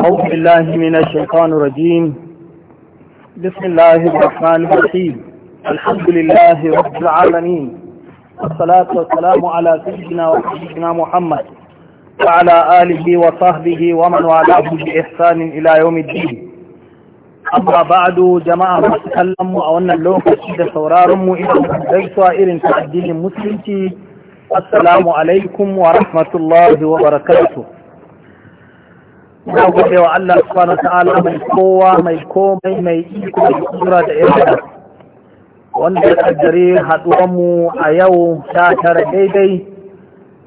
أعوذ بالله من الشيطان الرجيم بسم الله الرحمن الرحيم الحمد لله رب العالمين والصلاة والسلام على سيدنا وحبيبنا محمد وعلى آله وصحبه ومن والاه بإحسان إلى يوم الدين أما بعد جماعة تكلموا أو أن اللوم كشيدة سورارم إذا ليس إرن تعديل مسلم السلام عليكم ورحمة الله وبركاته na gode wa Allah subhanahu ta'ala mai kowa mai komai mai iko da kura da yadda wanda ya kaddare haduwar mu a yau ta tara daidai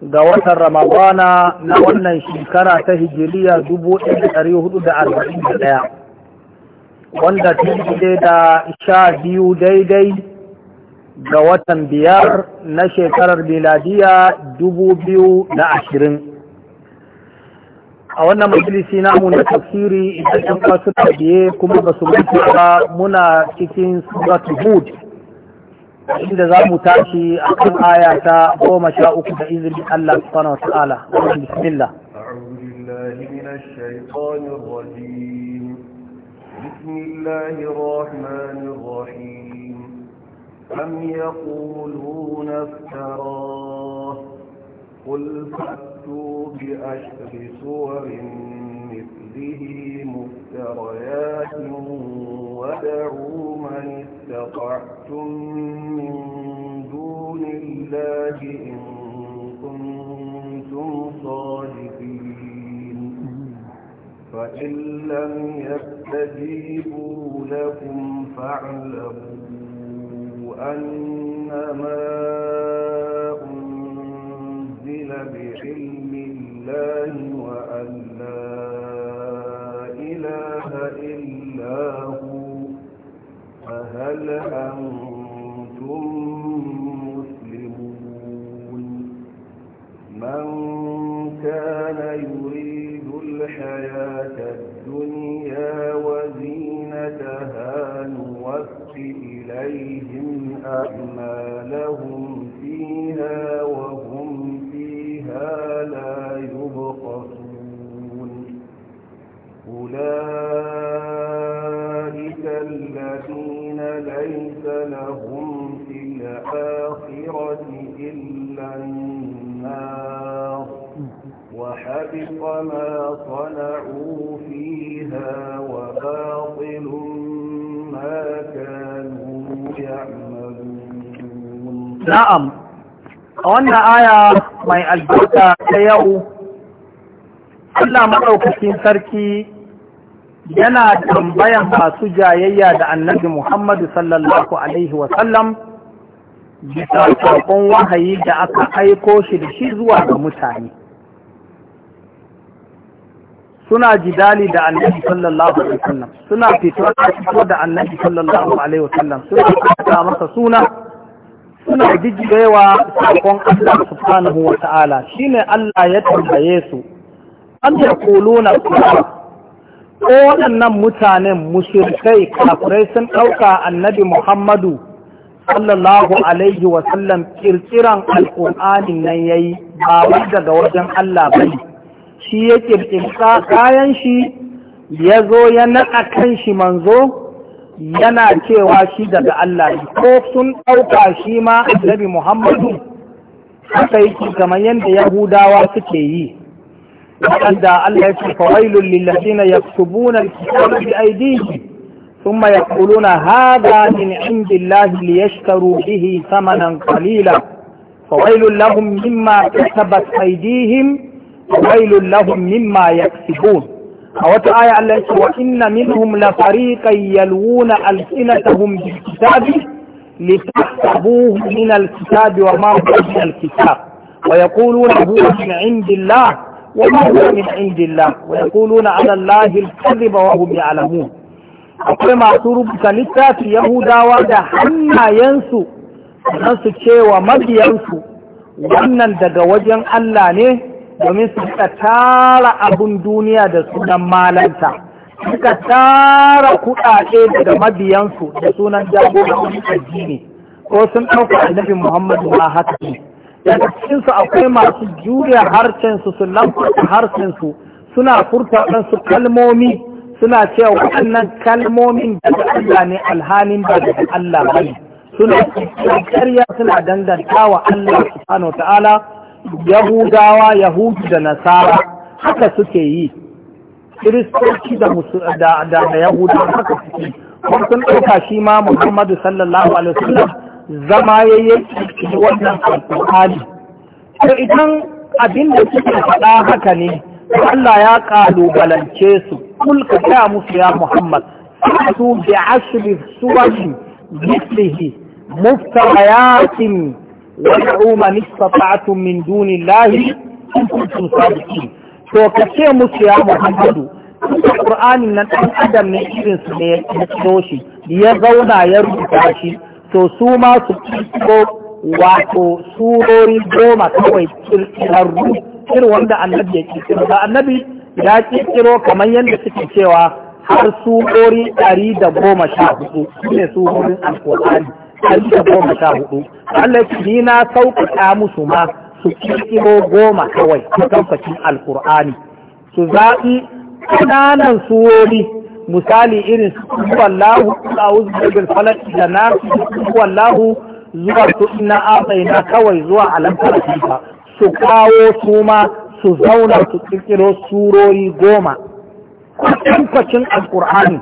ga watan Ramadana na wannan shekara ta Hijiriya 1441 wanda ta yi da sha biyu daidai ga watan biyar na shekarar miladiya ashirin. a wannan majalisi namu na tafsiri idan yan kwasu tabiye kuma ba su mutu ba muna cikin suratu hud inda za mu tashi a kan aya ta goma sha uku da izinin Allah subhanahu wa ta'ala bismillah أعوذ بالله من الشيطان الرجيم بسم الله الرحمن الرحيم أم يقولون افتراه قل فأتوا بأشر صور مثله مفتريات ودعوا من استطعتم من دون الله إن كنتم صادقين فإن لم يستجيبوا لكم فاعلموا أنما يؤمن بعلم الله وأن لا إله إلا هو فهل أنتم مسلمون من كان يريد الحياة الدنيا وزينتها نوفي إليهم أعمال وحبط ما صنعوا فيها وباطل ما كانوا يعملون نعم وانا آية ما البركة يأو Allah maɗaukacin sarki yana tambayan masu jayayya da annabi Muhammadu sallallahu Alaihi wasallam bisa saƙon wahayi da aka aiko shi da shi zuwa ga mutane. suna jidali da annabi sallallahu alaihi wasallam suna fito fito da annabi sallallahu alaihi wasallam suna fata masa suna suna gijirewa sakon Allah subhanahu wa ta'ala shine Allah ya tambaye su an da kuluna ko waɗannan mutanen mushrikai kafirai sun ɗauka annabi Muhammadu sallallahu alaihi wasallam kirkiran alƙur'anin nan yayi ba daga wajen Allah bane shi ya ƙirƙirta kayan shi ya zo ya naɗa kan shi manzo yana cewa shi daga Allah ko sun ɗauka shi ma annabi Muhammadu haka yake kamar yadda Yahudawa suke yi waɗanda Allah ya ce fawailul lillazina yaktubuna alkitaba bi aydihim ثم يقولون هذا من عند الله ليشتروا به ثمنا قليلا فويل لهم مما كسبت ويل لهم مما يكسبون أوت آية الله وإن منهم لفريقا يلوون ألسنتهم بالكتاب لتحسبوه من الكتاب وما هو من الكتاب ويقولون هو من عند الله وما هو من عند الله ويقولون على الله الكذب وهم يعلمون أقول akwai masu rubuta في يهودا da حنا ينسو su cewa mabiyansu ينسو daga wajen Allah ne domin su suka tara abun duniya da sunan malanta suka tara kuɗaɗe daga mabiyansu da sunan wani addini ko sun ɗauka annabi muhammadu ma haka ne daga cikinsu akwai masu juriya harshensu su lamfata harshensu suna furta waɗansu kalmomi suna cewa waɗannan kalmomin daga Allah ne alhanin ba daga Allah ba ne suna ƙarya suna danganta wa Allah subhanahu wa ta'ala yahudawa yahudu da nasara haka suke yi kiristoci da da yahudu haka suke yi sun ɗauka shi ma muhammadu sallallahu alaihi wasallam zama ya yi wannan alƙur'ani to idan abin da suke faɗa haka ne Allah ya ƙalubalance su kul ka musu ya muhammad su bi ashri suwari mislihi muftayatin wad'u man istata'tum min dunillahi in kuntum sadiqin to ka ce musu ya Muhammadu Qur'anin nan ɗan adam ne irin su ne ya kiro ya zauna ya rubuta shi to su ma su ko wato surori goma kawai kirkirarru irin wanda annabi ya kirkiro da annabi ya kirkiro kamar yadda suke cewa har surori ɗari da goma sha hudu su ne surorin ɗari goma sha hudu Allah ya ni na sauƙaƙa musu ma su ƙirƙiro goma kawai ta kamfacin alƙur'ani su zaɓi ƙananan surori misali irin su wallahu a'udhu bil falaq da su wallahu zuwa su ina atsaina kawai zuwa alamtar fifa su kawo su ma su zauna su ƙirƙiro surori goma kwatankwacin alƙur'ani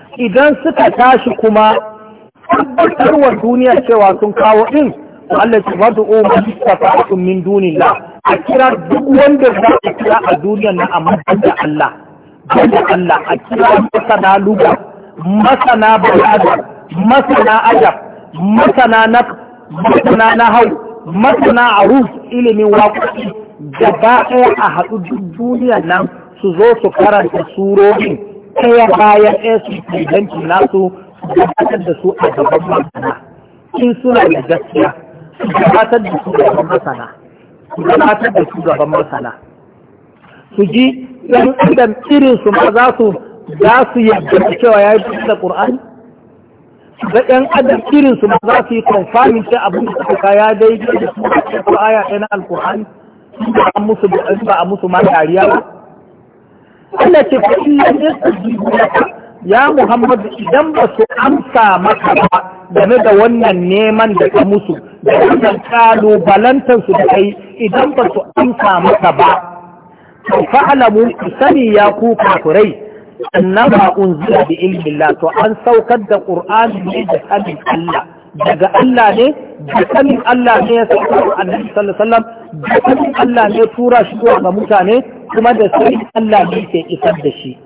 idan suka tashi kuma tabbatarwa duniya cewa sun kawo din Allah ce wadu o mustafa'atun min dunillah a kira duk wanda za a kira a duniyar na amma da Allah da Allah a kira masana luga masana bayada masana adab masana na masana hau masana aruf ilimin waƙoƙi gaba ɗaya a haɗu duniya nan su zo su karanta surorin ɗaya bayan ɗaya su kudanci nasu su gabatar da su a gaban masana in suna da gaskiya su gabatar da su gaban masana su gabatar da su gaban masana su ji yan adam irin su ma za su za su yadda cewa ya yi da ƙur'ani ga ɗan adam irin su ma za su yi konfamin sai abin da suka ya daidai da su a cikin aya na alƙur'ani ba a musu ba a musu ma dariya ba Allah ce fa ya Muhammadu idan ba su amsa maka ba game da wannan neman da ka musu da wannan kalubalantar su da kai idan ba su amsa maka ba to fa'alamu sani ya ku kafirai annaba unzila bi ilmillah to an saukar da qur'ani ne da sanin Allah daga Allah ne da sanin Allah ne ya saukar annabi sallallahu alaihi wasallam da Allah ne tura shi zuwa ga mutane kuma da sai Allah ne ke isar da shi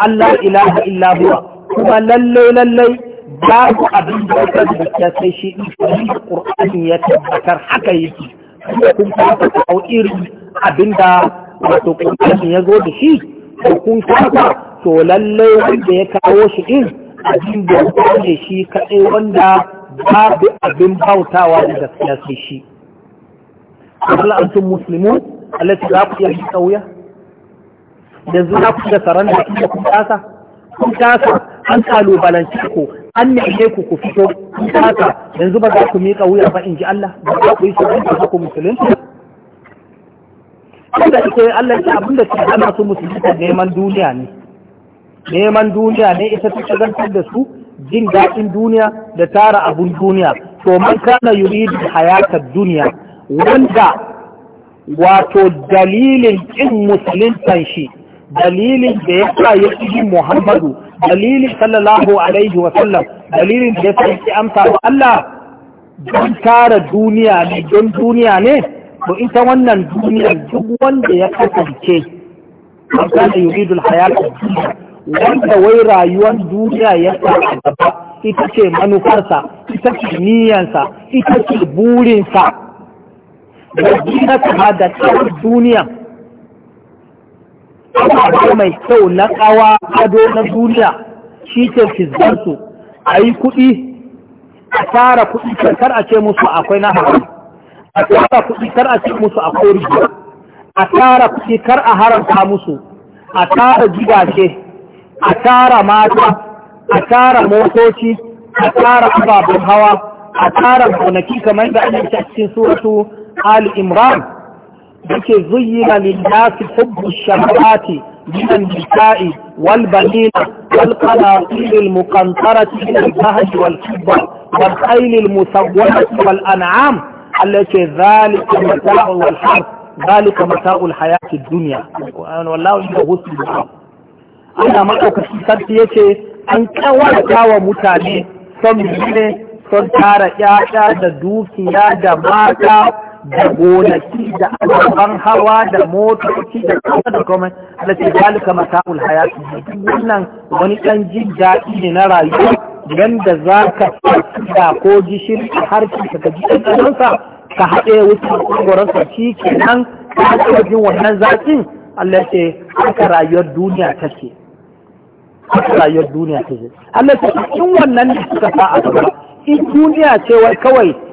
Allah ilaha illa huwa kuma lalle lalle babu abin da ya tabbata sai shi Qur'ani ya tabbatar haka yake kun kafa ko irin abin da wato Qur'ani ya zo da shi kun kafa to lalle wanda ya kawo shi din abin da ya shi kadai wanda babu abin bautawa da gaskiya sai shi hal antum muslimun allati za ku iya yi kauya yanzu za ku iya saran da kike kun kasa kun kasa an kalubalance ku an neme ku ku fito kun kasa yanzu ba za ku miƙa wuya ba in ji Allah ba za ku yi shi ba ku musulunci inda ita Allah ya abin da ke hana su musulunci neman duniya ne neman duniya ne ita ta shagaltar da su jin daɗin duniya da tara abun duniya to man kana yuridu hayatar duniya wanda wato dalilin ƙin musuluntan shi dalilin da ya sa ya ƙi muhammadu dalilin sallallahu alaihi wasallam dalilin da ya sa ya amsa wa Allah don tara duniya ne don duniya ne to ita wannan duniyar duk wanda ya kasance a gane yuridul hayatul wanda wai rayuwar duniya ya sa a gaba ita ce manufarsa ita ce niyansa ita ce burinsa da ta ma da tsawon duniya abu mai kyau na kawa ado na duniya shi ke fizzarsu a yi kuɗi a tara kuɗi kar a ce musu akwai na haram a tara kuɗi kar a ce musu akwai rigi a tara kuɗi kar a haramta musu a tara gidaje a tara mata a tara motoci a tara ababen hawa a tara gonaki kamar da ake cikin suratu آل إمران بكي زينا للناس حب الشهوات من النساء والبنين والقناطير المقنطرة من البهج والحب والخيل المسومة والأنعام التي ذلك متاع والحرب ذلك متاع الحياة الدنيا والله إلا غسل الحرب أنا ما أكسي سنتيتي أن كوانا كاوا متالي سمجيني سنتارا يا يا دوكي يا جماعة da gonaki da abubuwan hawa da motoci da kasa da kuma da ce zalika mata'ul hayati wannan wani ɗan jin daɗi ne na rayuwa yanda za ka da ko gishiri a harshen ka gaji ɗan ka haɗe wutar ƙungoransa shi nan. ka taɓa jin wannan zaƙin Allah ce haka rayuwar duniya take haka rayuwar duniya take Allah ce in wannan da suka sa a gaba in duniya ce wai kawai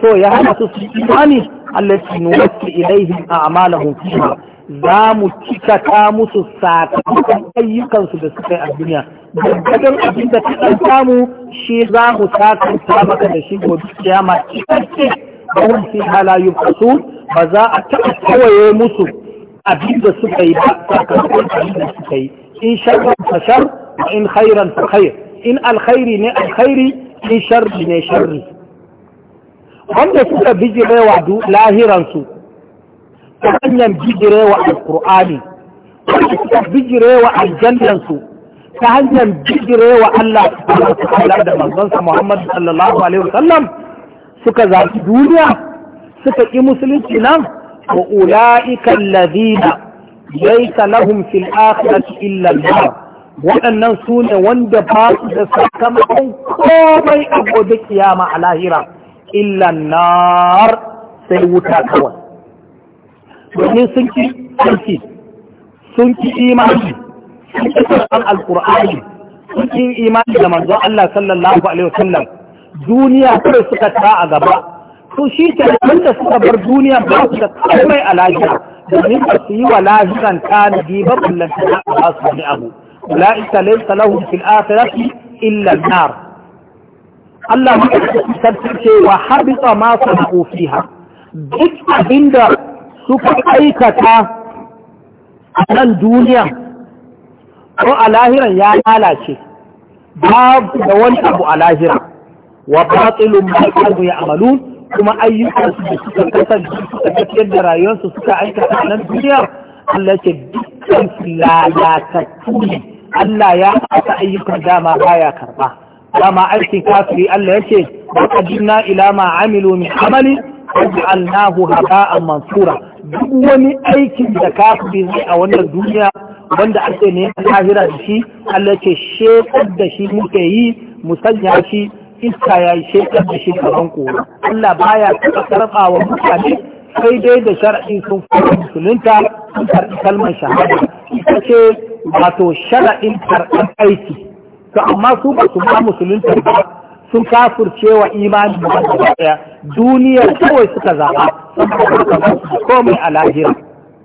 so ya hana su su imani allati a ilaihim a'malahum fiha za mu cikata musu sakamakon ayyukansu da suka yi a duniya gaggadin abin da ta ɗan samu shi za mu sakanta maka da shi gobe kiyama cikakke da wani fi halayu kasu ba za a taɓa kawaye musu abin da suka yi ba sakamakon abin da suka yi in sharran fa shar in khairan fa khair in alkhairi ne alkhairi in sharri ne sharri wanda suka bijire wa lahiransu ta hanyar bijire wa alkur'ani wanda suka bijire wa aljannansu ta hanyar bijire wa Allah subhanahu da manzansa Muhammadu sallallahu alaihi wasallam suka zaci duniya suka ƙi musulunci nan wa ula'ika alladhina yai lahum fil akhirati illa an waɗannan su ne wanda ba su da sakamakon komai a gobe kiyama a lahira illan nar sai wuta kawai domin sun ki aiki sun ki imani sun ki sauran alkur'ani sun ki imani da manzon Allah sallallahu alaihi wasallam duniya kawai suka ta a gaba to shi ke da suka bar duniya ba su da komai a lafiya domin ba su yi wa lahiran tanadi ba kullum ta ba su wani abu ula'ika laysa lahum fil akhirati illa nar Allah maɗaukakin sarki ce wa habita ma sana'u fiha duk abinda suka aikata a nan duniya ko a lahiran ya lalace babu da wani abu a lahira wa batilun ma kanu ya'malun kuma ayyukan su da suka kasance suka tafiyar da rayuwarsu suka aikata a nan duniya Allah ce dukkan ne Allah ya asa ayyukan dama baya karba dama aikin kafiri Allah yake wa jinna ila ma amilu min amali waj'alnahu haba'an mansura duk wani aikin da kafiri zai a wannan duniya wanda ake ne lahira da shi Allah ce shekar da shi muke yi sanya shi iska ya yi shekar da shi gaban kora Allah baya taɓa karɓa mutane sai dai da shara'i sun fara musulunta sun karɓi kalmar shahada ita ce wato shara'in karɓar aiki to amma su ba su ba musulunta ba sun kafurce wa imani da daya duniyar kawai suka zaba komai a lahira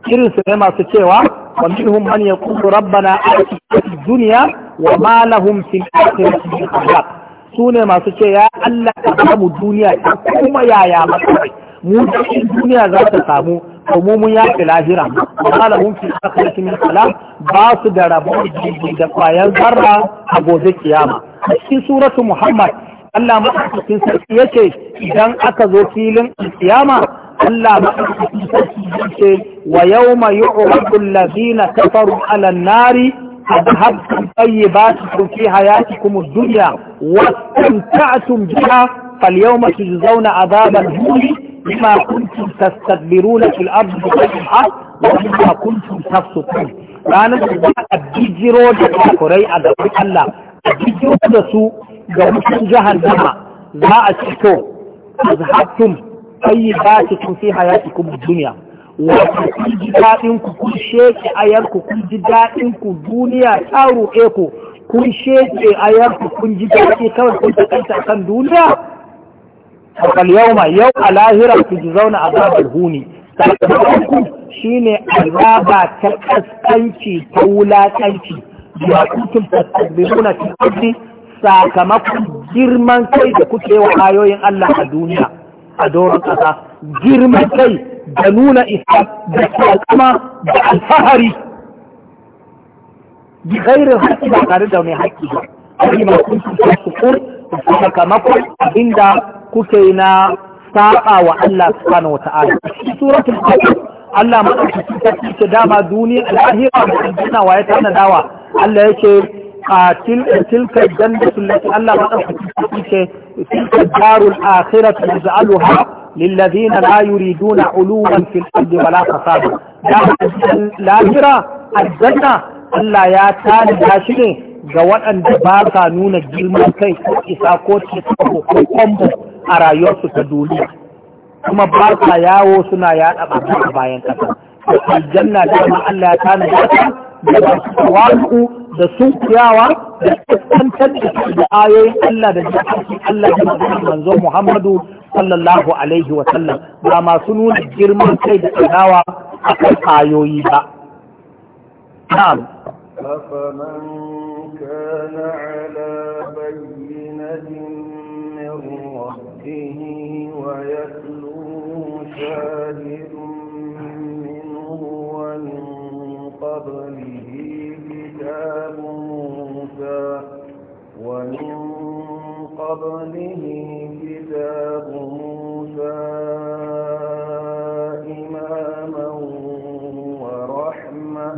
irin su ne masu cewa wa minhum man yaqulu rabbana atina fid dunya wa ma lahum fil akhirati min khalaq su ne masu ce ya Allah ka samu duniya kuma yaya maka mu duniya za ta samu domin mun yaƙi lahira malamin fi akhirati min kalam ba su da rabo da kwayan zarra a gobe kiyama a cikin suratu muhammad Allah madaukakin sarki yace idan aka zo filin kiyama Allah madaukakin sarki yace wa yawma yu'radu alladhina kafaru ala an-nari أذهبتم طيباتكم في حياتكم الدنيا واستمتعتم بها فاليوم تجزون عذاب الهول بما كنتم تستدبرون في الأرض بغير وبما كنتم تفسقون ranar da a bijiro da kakurai a gaban Allah a bijiro da su ga wutan jahannama za a ci to azhabtum tayyibatikum fi hayatikum dunya wato kun ji daɗin ku kun sheke ayar ku kun ji daɗin duniya ta ruɗe ku kun sheke kun ji kawai kan duniya fakal ma yau a lahira ku ji zauna a azabar huni sakamakon ne azaba ta kaskanci ta wulakanci da kuntum tasbihuna fi ardi sakamakon girman kai da kuke wa ayoyin Allah a duniya a doron ƙasa girman kai da nuna isa da kyakama da alfahari bi gairin haƙƙi ba tare da mai haƙƙi ba a yi masu sakamakon abinda كوكينا ساقا و الله سبحانه وتعالى في سورة الفجر الله ما أكسي تكي تدام دوني الأهيرة بحبنا ويتانا دعوة الله يكي تلك الجنة التي الله ما أكسي تكي تلك الدار الآخرة نزعلها للذين لا يريدون علوما في الأرض ولا فساد الأهيرة الجنة الله يا تاني داشني جوان أن دبارك نونك جلمان كي إساكوتي تكو كومبو a rayuwarsu ta duniya kuma ba sa yawo suna yaɗa ɓarna a bayan ƙasa da aljanna dama Allah ya tana da ta da ba su tawazu da sun kuyawa da kaskantar da su da ayoyin Allah da jikin Allah da maganar manzo Muhammadu sallallahu alaihi wa sallam ba masu nuna girman kai da tsanawa a kan ayoyi ba. Na'am. أفمن كان ومن قبله كتاب موسى إماما ورحمة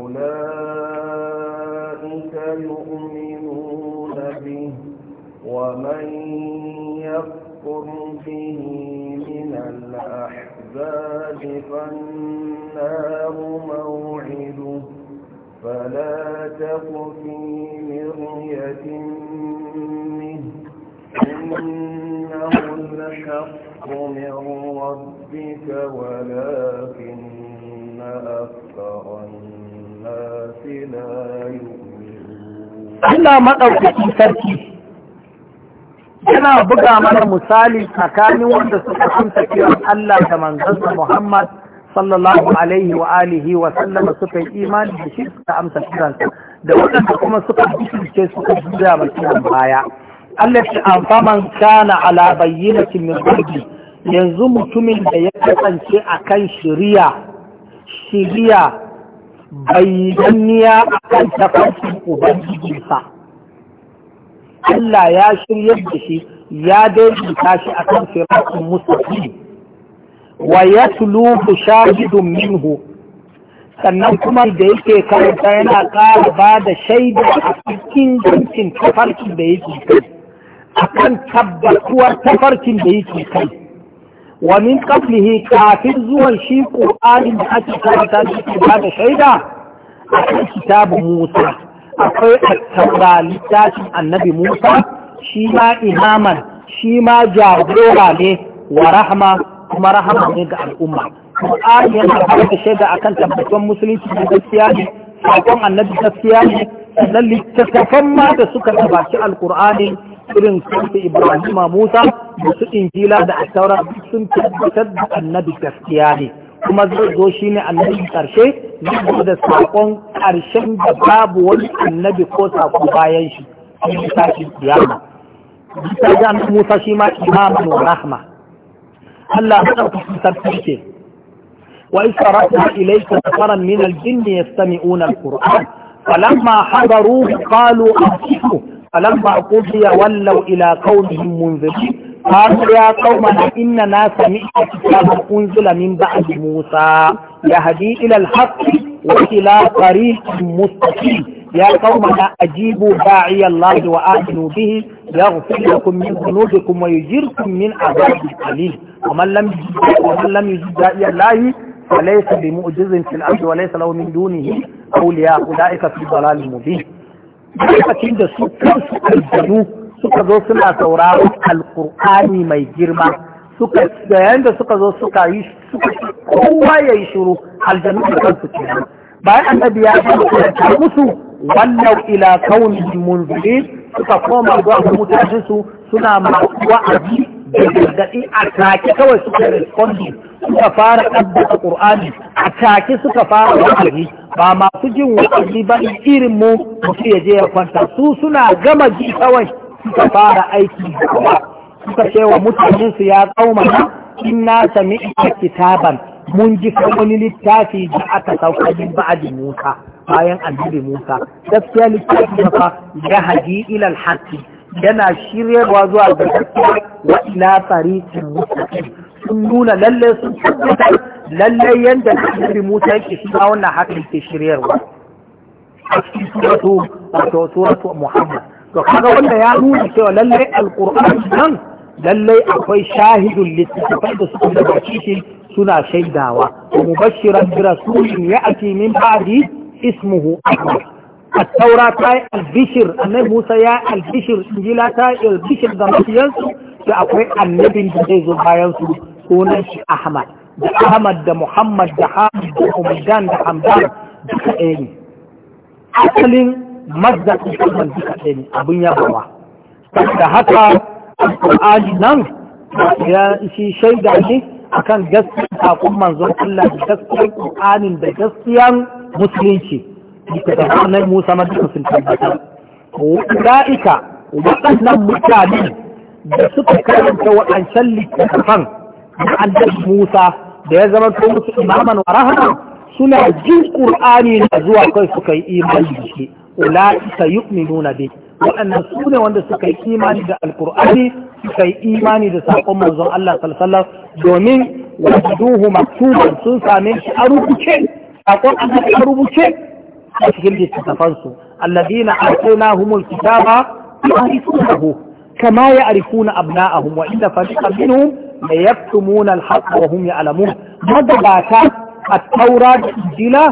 أولئك يؤمنون به ومن يذكر به من الأحزاب فالنار موعده فلا تقفي مرية منه إنه الحق من ربك ولكن أكثر الناس لا يؤمنون إلا ما أوكي سركي أنا بقى مثلا المسالي كان وانت سكتم تكيرا ألا كمان محمد sallallahu alaihi wa alihi wa sallama suka yi imani da shi suka amsa kiransa da waɗanda kuma suka bishirce suka jira ba kiran baya Allah ce an faman kana ala bayyinatin min rabbi yanzu mutumin da ya kasance akan shiriya shiriya bayyanniya akan tafarkin ubangijinsa Allah ya shirya da shi ya daidaita shi akan siratul mustaqim wa yatluhu shahidun minhu sannan kuma da yake karanta yana ƙara ba da shaida a cikin jinsin tafarkin da yake kai a kan tabbatuwar tafarkin da yake kai wa min qablihi kafin zuwan shi ƙoƙarin da ake karanta shi ke ba da shaida a kan kitabu Musa akwai at-taura littafin annabi Musa shi ma imaman shi ma jagora ne wa rahma kuma rahama ne ga al'umma Qur'ani yana da shaida akan tabbatuwar musulunci da gaskiya ne sakon annabi gaskiya ne sannan littattafan ma da suka gabaci alkur'ani irin su Ibrahim, musa da su injila da asaura sun tabbatar da annabi gaskiya ne kuma zai zo shi ne annabi karshe zai da sakon ƙarshen da babu wani annabi ko sako bayan shi a yi sashi musa shi ma imaman rahma ألا تغطح ترسلته وإن فرأتها إليك سفرا من الجن يستمعون القرآن فلما حضروه قالوا أرسحوا فلما قضي ولوا إلى قومهم منذرين قالوا يا قوم إننا سمئت كتابا أنزل من بعد موسى يهدي إلى الحق وإلى طريق مستقيم يا قومنا أجيبوا داعي الله وآمنوا به يغفر لكم من ذنوبكم ويجركم من عذاب أليم ومن لم يجد ومن لم يجد داعي الله فليس بمعجز في الأرض وليس له من دونه أولياء أولئك في ضلال مبين lokacin da سكر سكر aljanu سكر zo suna sauraron alkur'ani mai girma سكر da yayin سكر suka سكر suka yi suka kowa ya سكر bayan annabi ya karanta musu wannan ila kauni suka koma zuwa ga mutanen su suna masu wa'azi da gargadi. a take kawai suka respondi suka fara ɗabbata ƙur'ani a take suka fara wa'azi ba masu jin wa'azi ba irin mu mutu ya je ya kwanta su suna gama ji kawai suka fara aiki suka ce wa mutanen su ya tsaumana inna sami'a kitaban mun ji wani littafi da aka sauka min ba'adin Musa bayan annabi Musa gaskiya littafi ne fa ya haji ilal haqqi yana shiryarwa zuwa ga gaskiya wa ila tariqin mustaqim sun nuna lalle sun tabbata lalle yanda annabi Musa yake shiga wannan hakan ke shiryarwa a cikin suratu wato suratu Muhammad to kaga wanda ya nuna cewa lalle alqur'ani nan lalle akwai shahidul littafi da suka gabace shi سنا شيداوى ومبشرا برسول ي أ ت ي من بعدي اسمه أ ح م د ا ل ت و ر ا ة ا ل ب ش ر ا ل ن ب ي موسى يا ا ل ب ش ر ا ن ج ي ل ا ت ا ا ل ب ش ر ضمت ينسو في أ ق و ي النبي ا ل ج ي ز ا ل ب محمد د حامد د حمدان د حمدان د ك ا ي ن أ ص ل مصدر محمد د يا شيخ ع ل akan gaskiyar sakon manzon Allah da gaskiyar Qur'anin da gaskiyar musulunci da ta Musa ma duka sun tabbatar da'ika waɗannan mutane da suka karanta waɗancan littattafan na annabi Musa da ya zama to musu imaman wa suna jin Qur'ani na zuwa kai suka yi imani da shi ulaika yu'minuna bihi waɗannan su ne wanda suka yi imani da alkur'ani suka yi imani da saƙon manzon Allah sallallahu domin wajiduhu maktuban sun same shi a rubuce saƙon Allah a rubuce a cikin littattafan su alladina atainahumul kitaba ya'rifunahu kama ya'rifuna abna'ahum wa inna fariqan minhum la yaktumuna al wa hum ya'lamun magabata at-taura da injila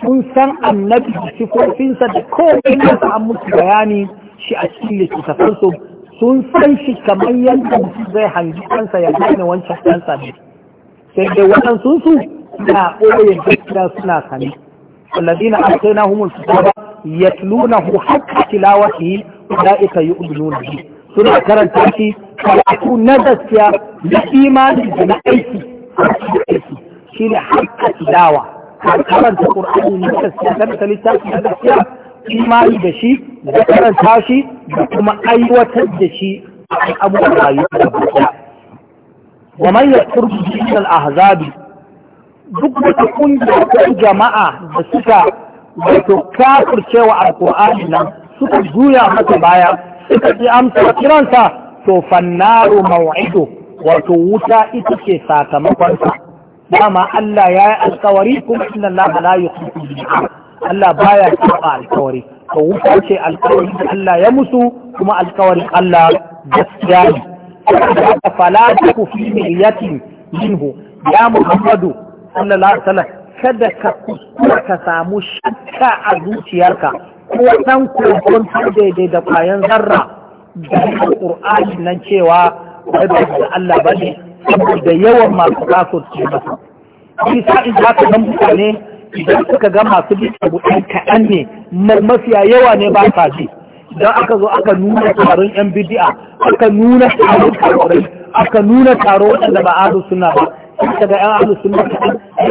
sun san annabi da sifofinsa da kowai nasa an musu bayani shi a cikin littattafan su sun san shi kamar yadda zai hangi kansa ya gane wancan kansa ne sai dai waɗansu su na ɓoye gaskiya suna sani wallazina atayna humul kitaba yatluna hu haqqa tilawati ulaika yu'minuna bi suna karanta shi ku na gaskiya da imani da na aiki shine haqqa tilawa karanta qur'ani ne gaskiya karanta littafi na gaskiya imani da shi da karanta shi da kuma aiwatar da shi a abubuwan rayuwa da baya wa man yakfur ahzabi duk wata ƙungiyar ko jama'a da suka wato kafircewa alqur'ani nan suka juya masa baya suka ji amsa kiransa to fannaru maw'idu wato wuta ita ce sakamakonsa dama Allah ya yi alkawari kuma inna Allah la yukhlifu Allah baya saba alkawari to wuta ce alkawari da Allah ya musu kuma alkawarin Allah gaskiya ne fala taku fi milyatin minhu ya Muhammadu sallallahu alaihi wasallam kada ka kuskura ka samu shakka a zuciyarka ko dan kokon daidai da kwayan zarra da Qur'ani nan cewa wai Allah bane saboda yawan masu kafirci masa Isa in za ka mutane idan suka ga masu bi abu ɗan kaɗan ne mafiya yawa ne ba sa ji idan aka zo aka nuna taron yan bidi'a aka nuna taron kafirai aka nuna taro waɗanda ba ahlus sunna ba sai ga yan ahlus sunna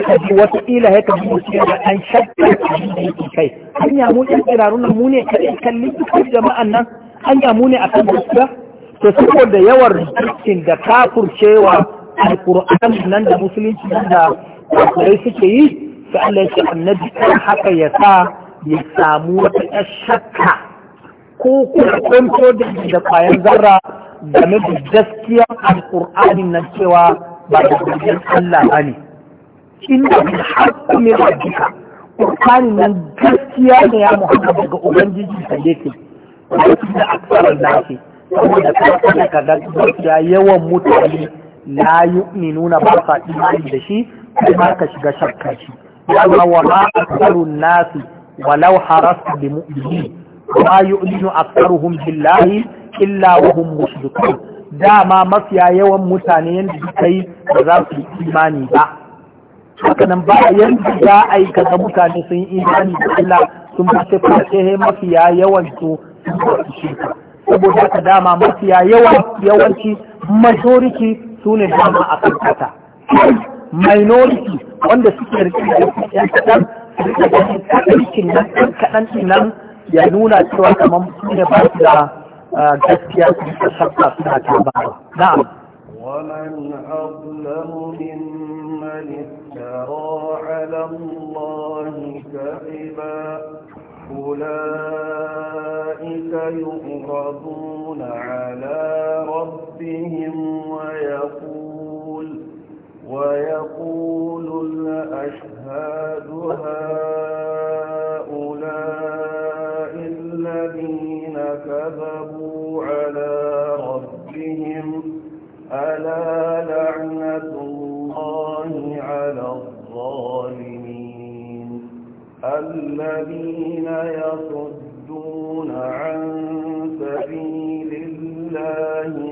ka ji wata ila ya kaji mutum da an shakka da kai an ya mu yan kirarun nan mu ne kai kalli dukkan jama'an nan an ya mu ne akan gaskiya to saboda yawan rikikin da kafurcewa alƙur'an nan da musulunci da kafirai suke yi sai Allah ce annabi haka ya sa ya samu wata shakka ko kwanto da kwayan zarra game da gaskiyar alƙur'ani na cewa ba da gaskiyar Allah ba ne inda bi har kuma da duka ƙur'ani nan gaskiya ne ya muhammad daga ubangiji ta yake da aksarar nashi saboda kada ka ga gaskiya yawan mutane la nuna ba sa imani da shi kuma ka shiga shakka shi يلا وما أكثر الناس walau, حرصت بمؤمنين وما يؤمن أكثرهم billahi illa وهم مشركون dama mafiya yawan mutane yadda suka yi ba za su yi imani ba nan ba yanzu za a yi kaga mutane sun yi imani da Allah sun fashe fashe mafiya yawan su sun fashe shirka saboda haka dama mafiya yawan yawanci majority su ne dama a kankata minority wanda suke rike da yan kaɗan suke ganin kaɗancin nan ɗan kaɗancin nan ya nuna cewa kamar su ne ba su da gaskiya su da shakka suna ta ba na'am ومن أظلم ممن افترى على الله كذبا أولئك يؤرضون على ربهم ويقولون ويقول الأشهاد هؤلاء الذين كذبوا على ربهم ألا لعنة الله على الظالمين الذين يصدون عن سبيل الله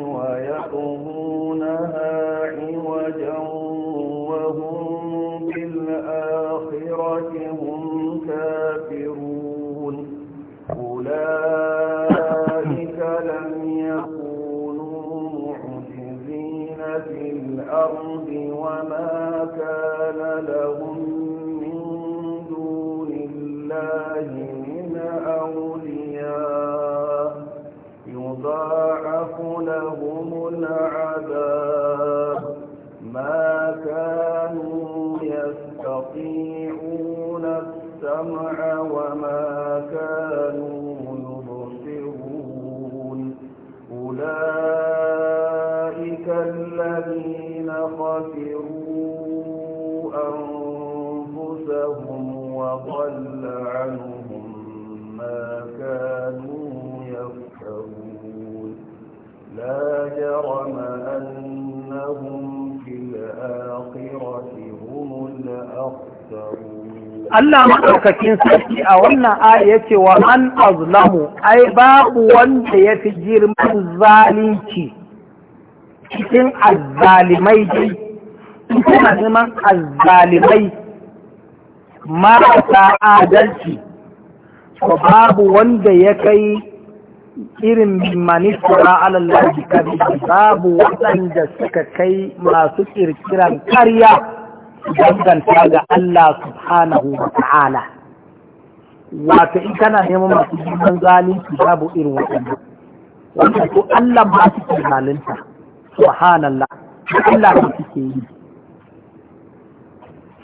Allah maɗaukakin sarki a wannan aya ce wa an azlamu ai babu wanda ya fi girman zalunci cikin azzalimai dai cikin azzalimai marasa adalci ko babu wanda ya kai irin manisura alallahi babu waɗanda suka kai masu kirkiran karya danganta ga Allah subhanahu wa ta'ala Wata in kana neman masu jiman zalunci babu irin waɗanda wanda ko Allah ba su ke zalunta subhanallah Allah ba su ke yi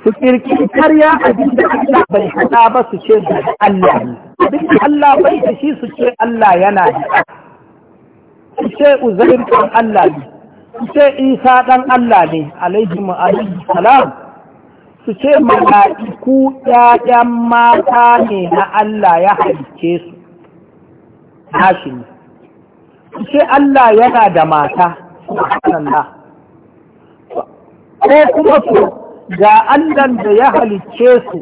su kirkiri karya abin da Allah bai hada ba su ce da Allah ne abin da Allah bai da shi su ce Allah yana da su ce uzair kan Allah ne su ce Isa dan Allah ne alaihi salam su ce mala'iku ‘ya'yan mata ne na Allah ya halice su, nashi ne, su ce Allah yana da mata, Allah. Ko kuma su ga Allah da ya halice su,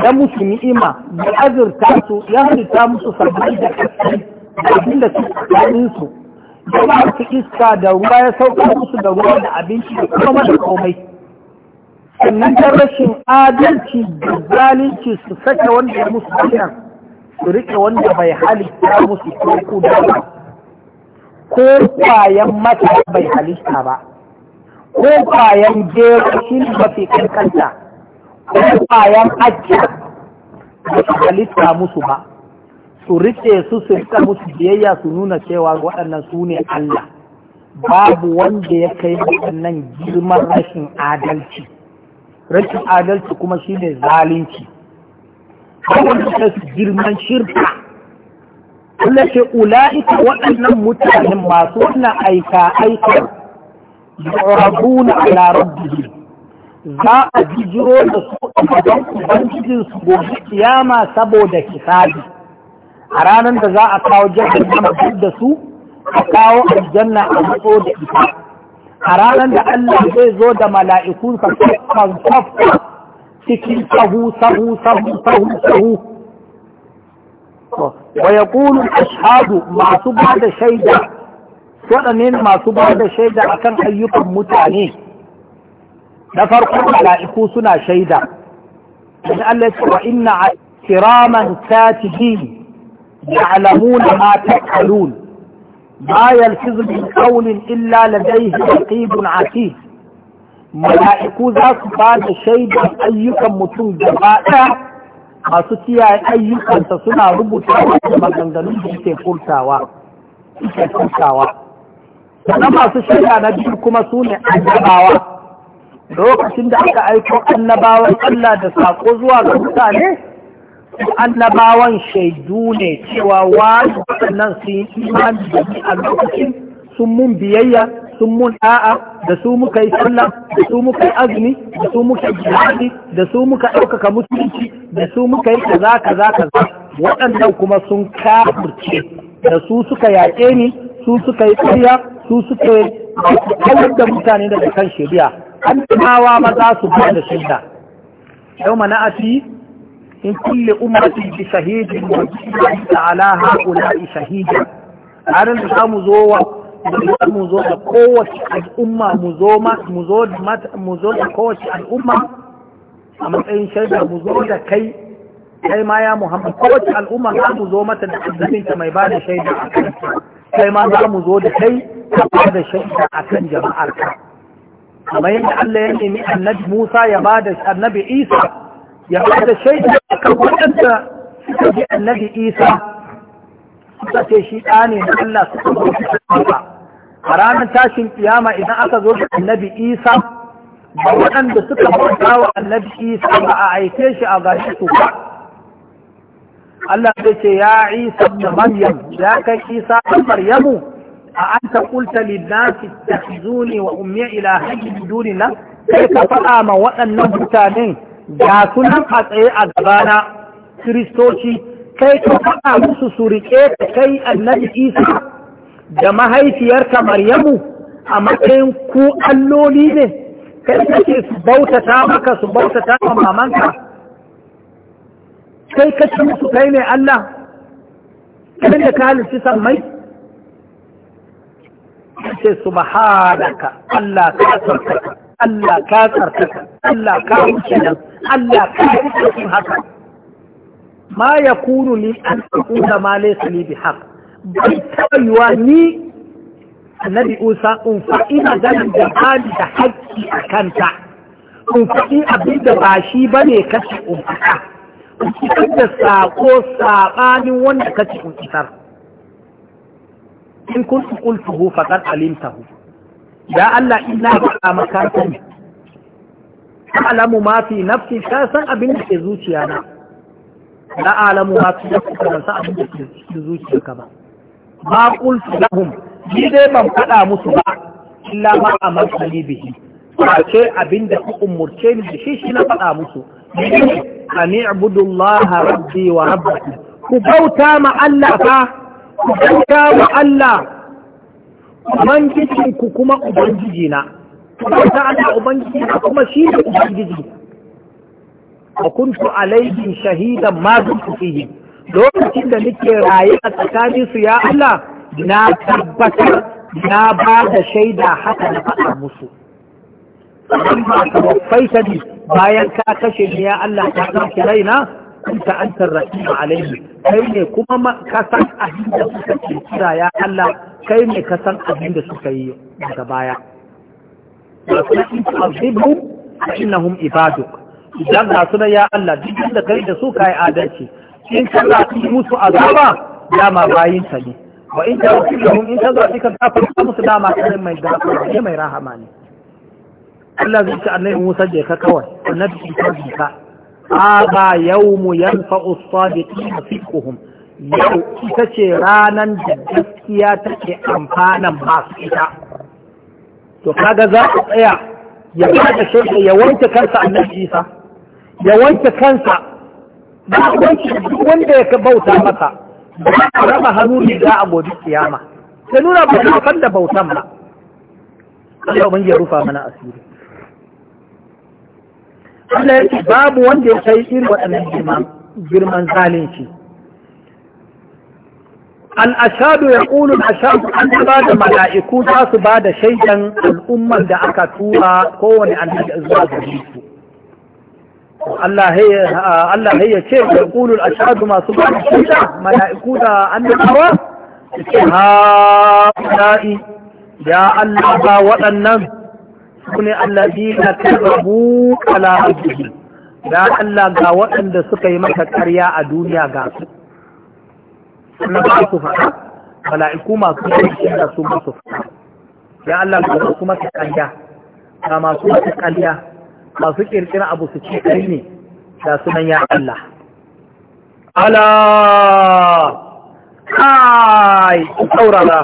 da musu ni'ima, da azurta su, ya halita musu sabbin da kasai, da abin da su, da ba su iska da ruwa ya sauka musu da ruwa da abinci da kuma da komai. sannan ta rashin adalci da zalunci su saka wanda ya musu wannan su rike wanda bai halitta musu ko kuda ba ko kwayan mata bai halitta ba ko kwayan gero shi ne mafi kankanta ko kwayan ajiyar ba su halitta musu ba su rike su su rika musu biyayya su nuna cewa waɗannan su ne Allah babu wanda ya kai waɗannan girman rashin adalci rashin adalci kuma shi ne zalunci kawai ta girman shirka Allah ce ula'ika waɗannan mutanen masu wannan aika aikar na alarar rabbihim za a jijiro da su don ubangijin su gobe kiyama saboda kisabi a ranar da za a kawo jahannama duk da su a kawo aljanna a matso da ita a ranar da Allah zai zo da mala'iku ka kan safka cikin sahu sahu sahu sahu sahu wa ya ashadu masu ba da shaida waɗanne masu ba da shaida akan ayyukan mutane na farko mala'iku suna shaida in Allah ce wa inna kiraman katibin ya'lamuna ma ما يلفظ من قول إلا لديه رقيب عتيد mala'iku za su ba da shaidar ayyukan mutum gaba ɗaya masu kiyaye ayyukansa suna rubuta da maganganun da suke furtawa suke masu shaida na biyu kuma su ne annabawa lokacin da aka aiko annabawan Allah da saƙo, zuwa ga mutane annabawan shaidu ne cewa wani waɗannan su yi imani da ni a lokacin sun mun biyayya sun mun a'a da su muka yi sallah da su muka yi azumi da su muka yi jihadi da su muka ɗaukaka musulunci da su muka yi kaza kaza kaza waɗannan kuma sun kafurce da su suka yaƙe ni su suka yi ƙarya su suka yi kawar da mutane daga kan shari'a an maza su ba da shaida yau mana a من كل أ م ة بشهيد وليس على هؤلاء شهيدا هذا الاسلام زوى الاسلام زوى ق و ة الامه مزوما مزود مات مزود ق و ة الامه اما اي شيء مزود كي كي ما يا محمد ق و ة الامه لا مزومه تتحدث انت ما يبان شيء كي ما لا مزود كي هذا شيء عشان جماعتك ما ينعلم ان النبي موسى يبادش النبي عيسى ya ba da shaida a kan waɗanda suka ji annabi isa suka ce shi ɗa ne na Allah suka zo su a ranar tashin ƙiyama idan aka zo da annabi isa da waɗanda suka bauta wa annabi isa ba a aike shi a gashi su ba Allah zai ce ya isa da maryam ya kai isa da maryamu a an ta kulta linnasi ta zuni wa ummiya ila hajji duni sai ka faɗa ma waɗannan mutanen ga sunan a tsaye a gabana kiristoci kai ka faɗa musu su riƙe ta kai annabi isa da mahaifiyarka maryamu a matsayin ku alloli ne kai kake su bautata maka su bautata wa mamanka kai kake musu kai ne allah kai da ka halitta sammai ce subhanaka Allah ka tsarkaka Allah ka tsarkaka Allah ka wuce nan Allah ka wuce haka ma ya kunu ni an tsakuna ma laysa bi bihaq bai taɓa ni annabi Usa in faɗi maganar da ba da haƙƙi a kanta in faɗi abin da ba shi ba ne kashe in faɗa in fitar da saƙo saɓanin wanda kashe in fitar in kun kuntu qultuhu faqad alimtahu ya Allah ina faɗa maka sani alamu ma fi nafsi ka san abin da ke zuciya na la alamu ma fi nafsi ka san abin da ke zuciya ka ba ma qultu lahum ni dai ban fada musu ba illa ma amartani bihi ba ce abin da ku umurce ni da shi shi na faɗa musu an i'budu Allah rabbi wa rabbakum ku bauta ma Allah fa ku bauta ma Allah ubangijin ku kuma ubangiji na ta ana ubangiji na kuma shi ne ubangiji wa kuntu alaihi shahidan ma kuntu fihi lokacin da nake raye a tsakanin su ya Allah na tabbatar na ba da shaida haka na faɗa musu ba ka wafaita ne bayan ka kashe ni ya Allah ka ɗauki raina kunta antar rahima alaihi kai ne kuma ka san abin da suka kirkira ya Allah kai ne ka san abin da suka yi daga baya wa in tu'adhibhum fa innahum ibaduk idan ga su ya Allah duk da kai da su kai adalci in ka zaɓi musu azaba dama ta ne wa in ka zaɓi lahum in ka zaɓi ka gafarta musu dama kai mai gafara ne mai rahama ne Allah zai ci annabi Musa je ka kawai annabi Isa ka hada yawmu yanfa'u as-sadiqina fiqhuhum yau ita ce ranar da gaskiya take amfanan masu ita to kaga za ku tsaya ya bada shaidu ya wanke kansa annabi Isa ya wanke kansa ba wanke wanda ya bauta masa ba a raba hannu ne za a gobe kiyama sai nuna ba da bautan ba Allah ya rufa mana asiri Allah yake babu wanda ya kai irin waɗannan girman zalunci al'ashadu ya ƙulu ashadu an ba da mala'iku za su ba da shaidan al'ummar da aka tura kowane annabi zuwa ga su Allah ya ce ya ƙulu ashadu masu ba da mala'iku da annabawa su ya Allah ba waɗannan sune allazina kadzabu ala abdihi da Allah ga waɗanda suka yi maka karya a duniya ga su na ba su faɗa mala'iku masu aiki da su masu faɗa ya Allah ga masu maka karya ga masu maka karya masu ƙirƙirar abu su ce kai ne da sunan ya Allah ala kai saurara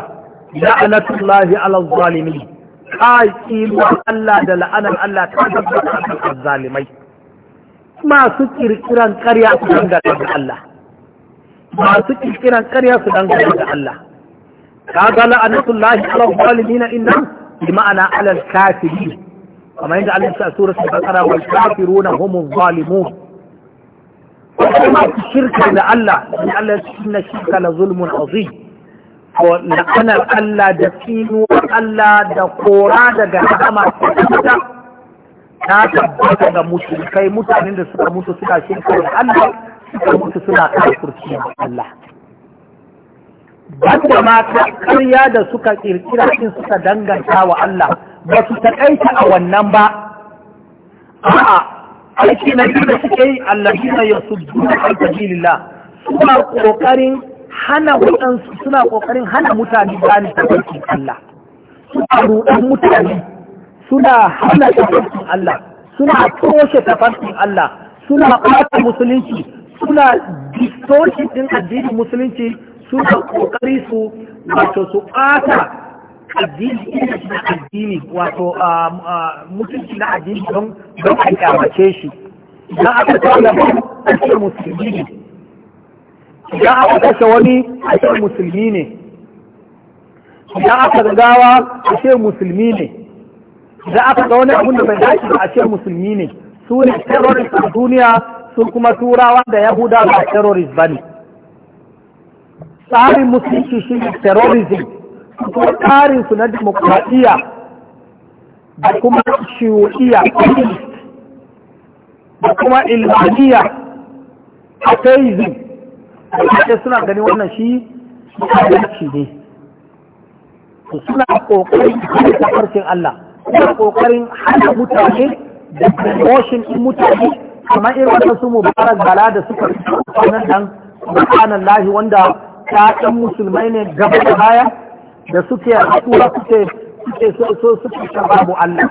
la'anatullahi ala zalimin ƙaƙiluwar Allah da la'anar Allah ta tabbata a kan zalimai masu kirkiran ƙarya su dangane da Allah masu kirkiran ƙarya su dangane da Allah ka ga la'anatullahi ala zalimina inna bi ma'ana alal kafiri kamar yadda Allah ya sura ta bakara wal kafiruna humuz zalimun kuma shirka da Allah in Allah ya shirka la zulmun azim la'anar Allah da tsinuwar Allah da kora daga rahama ta ta tabbata ga mushrikai mutanen da suka mutu suna shirka Allah suka mutu suna kafirci da Allah banda ma karya da suka kirkira in suka danganta wa Allah ba su taƙaita a wannan ba a'a aiki na da suke yi allazina yasudduna an sabilillah suna ƙoƙarin. hana waɗansu suna ƙoƙarin hana mutane gane tafarkin Allah suna ruɗan mutane suna hana tafarkin Allah suna toshe tafarkin Allah suna ɓata musulunci suna distortion ɗin addinin musulunci suna ƙoƙari su wato su ɓata addini na addini wato mutunci na addini don don a kyamace shi na aka tsara ba a cikin musulunci idan aka kashe wani a ce musulmi ne idan aka gawa a ce musulmi ne idan aka ga wani abun da bai dace ba a ce musulmi ne su ne terrorist a duniya sun kuma turawa da yahuda ba terrorist ba ne tsarin musulci shi ne terrorism kuma tsarin su na demokradiyya da kuma shiwo'iyya da kuma ilmaniya atheism da suna ganin wannan shi shi ne to suna kokarin da farcin Allah suna kokarin hana mutane da promotion in mutane kamar irin wannan su mubarak bala da suka kwanan nan lahi wanda ta'an musulmai ne gaba da baya da suke haɗuwa suke suke so so suke babu Allah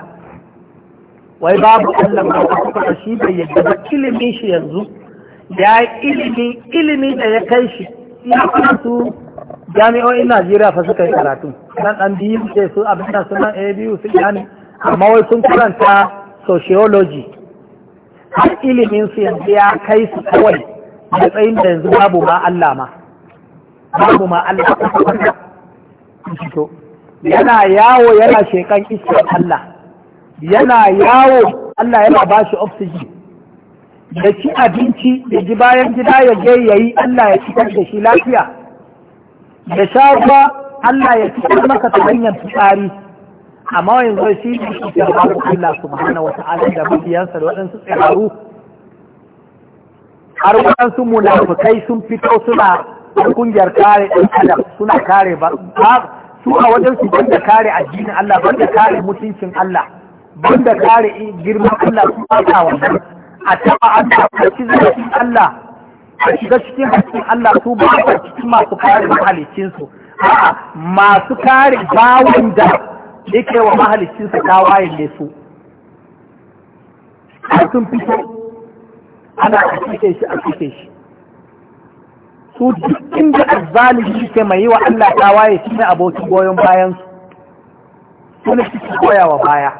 wai babu Allah ba suka shi bai yadda ba ilimin shi yanzu ya yi ilimi ilimi da ya kai shi ina su jami'o'in najeriya fa suka yi karatu nan ɗan biyu ce su abin da suna a biyu su yani e, amma wai sun karanta sociology har ilimin su yanzu ya kai su kawai da tsayin da yanzu babu ma Allah ma babu ma Allah yana yawo yana shekan iskar Allah yana yawo Allah yana ba shi oxygen Da ci abinci ya ji bayan gida ya je ya yi Allah ya fitar da shi lafiya da sha ruwa Allah ya fitar maka ta hanyar fitsari amma yanzu shi ne shi ta haru Allah subhanahu wata'ala da mabiyansa da waɗansu tsiraru har waɗansu munafukai sun fito suna kungiyar kare ɗan adam suna kare ba su a wajen su da kare addinin Allah ban da kare mutuncin Allah ban da kare girman Allah su ba wannan a taɓa an a cikin cikin Allah a shiga cikin hakkin Allah su ba a cikin masu kare mahalicinsu a'a masu kare bawon da yake wa su tawayen ne su sun fito ana a cike shi a cike shi su duk inda azzalimi ke mai yi wa Allah tawaye shi ne abokin goyon bayansu su ne suke goya wa baya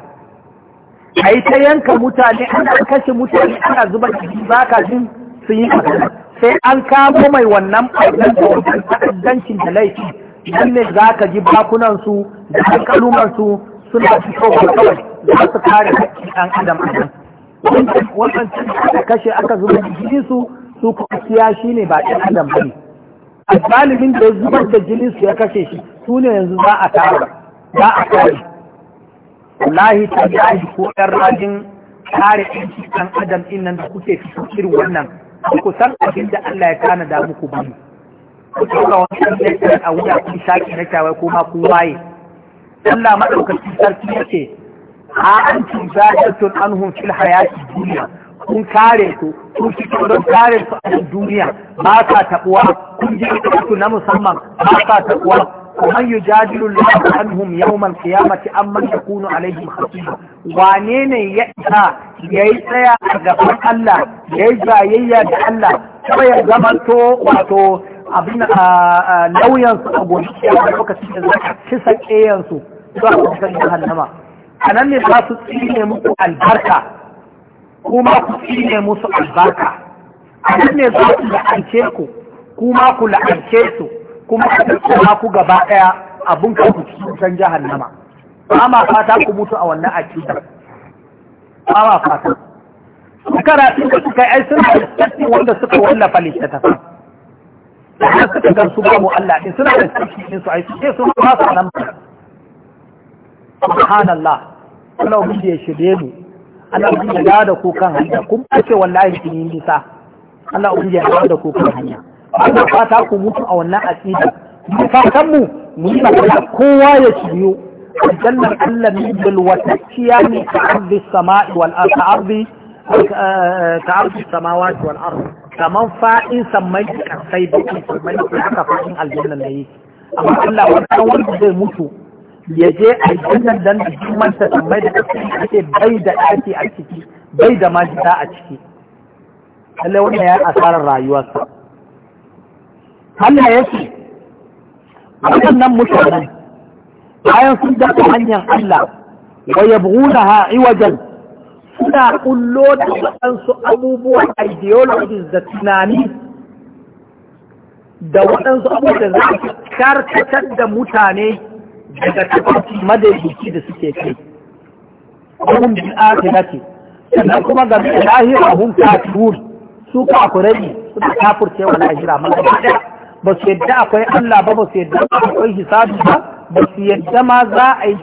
a yi ta yanka mutane ana kashe mutane ana zuba jiki ba ka jin sun yi sai an kamo mai wannan ɓarnar da wannan ta'addancin da laifi don ne za ka ji bakunansu da hankalumansu suna fitowa kawai za su kare hakkin ɗan adam a nan waɗancan da kashe aka zuba jikinsu su su kuma siya shi ne ba ɗan adam ba ne a galibin da ya zubar da su ya kashe shi su ne yanzu za a tara za a kare wallahi ta yi ko ɗan rajin kare ɗanci ɗan adam ɗin nan da kuke fito irin wannan ku san abin da Allah ya kana da muku ba ne ku tura wannan laifin a wuya kun shaƙi na kyawai ko ma ku waye Allah maɗaukaki sarki yake a an ci zahirtun anhum fil hayati duniya kun kare su kun fito don kare su a duniya ba ka taɓuwa kun ji su na musamman ba ka taɓuwa ومن يجادل الله عنهم يوم القيامة أما يكون عليهم خطيبا وانين يأتى يأتى أجبان الله يأتى يأتى الله كما يزمن تو واتو abin lauyansu a gonaki a lokacin da za a kisa ƙeyansu zuwa kusan jahannama a nan ne za su tsine musu albarka kuma ku tsine musu albarka a nan ne za ku la'ance ku kuma ku la'ance su kuma ka ku gaba ɗaya abun ka ku cikin jahannama ba ma fata ku mutu a wannan akidar ba ma fata karatun ka suka sun suna sassi wanda suka wallafa littattafan da suka gan su ba mu Allah din suna da in su ai su ce su ma su nan subhanallah Allah ubi ya shirye mu Allah ubi ya da ku kan hanya kuma ce wallahi kin yi nisa Allah ubi ya da ku kan hanya Allah fata ku mutu a wannan aqida mu fatan mu mu yi magana kowa ya ciyo aljannar Allah ne bil watacciya ne ta ardi sama'i wal ardi Ka eh, ta ardi samawati wal ardi kaman fa'in sammai da sai da sammai da haka fa'in aljannar ne yi. amma Allah wannan wanda zai mutu ya je aljannar dan da jimanta sammai da kasai ake bai da ɗaki a ciki bai da majita a ciki lallai wannan ya asarar rayuwarsa Allah ya ce waɗannan mutanen bayan sun daɗa hanyar Allah wa ya yabghunaha wajen? suna kullo da waɗansu abubuwan ideologies da tunani da waɗansu abubuwan da za su karkatar da mutane daga tafafi madaidaici da suke kai kun ake nake, sannan kuma ga lahira hum kafirun su kafirai suna kafurce wa lahira mai ba su yadda akwai Allah ba ba su yadda akwai hisabi ba ba su yadda ma za a yi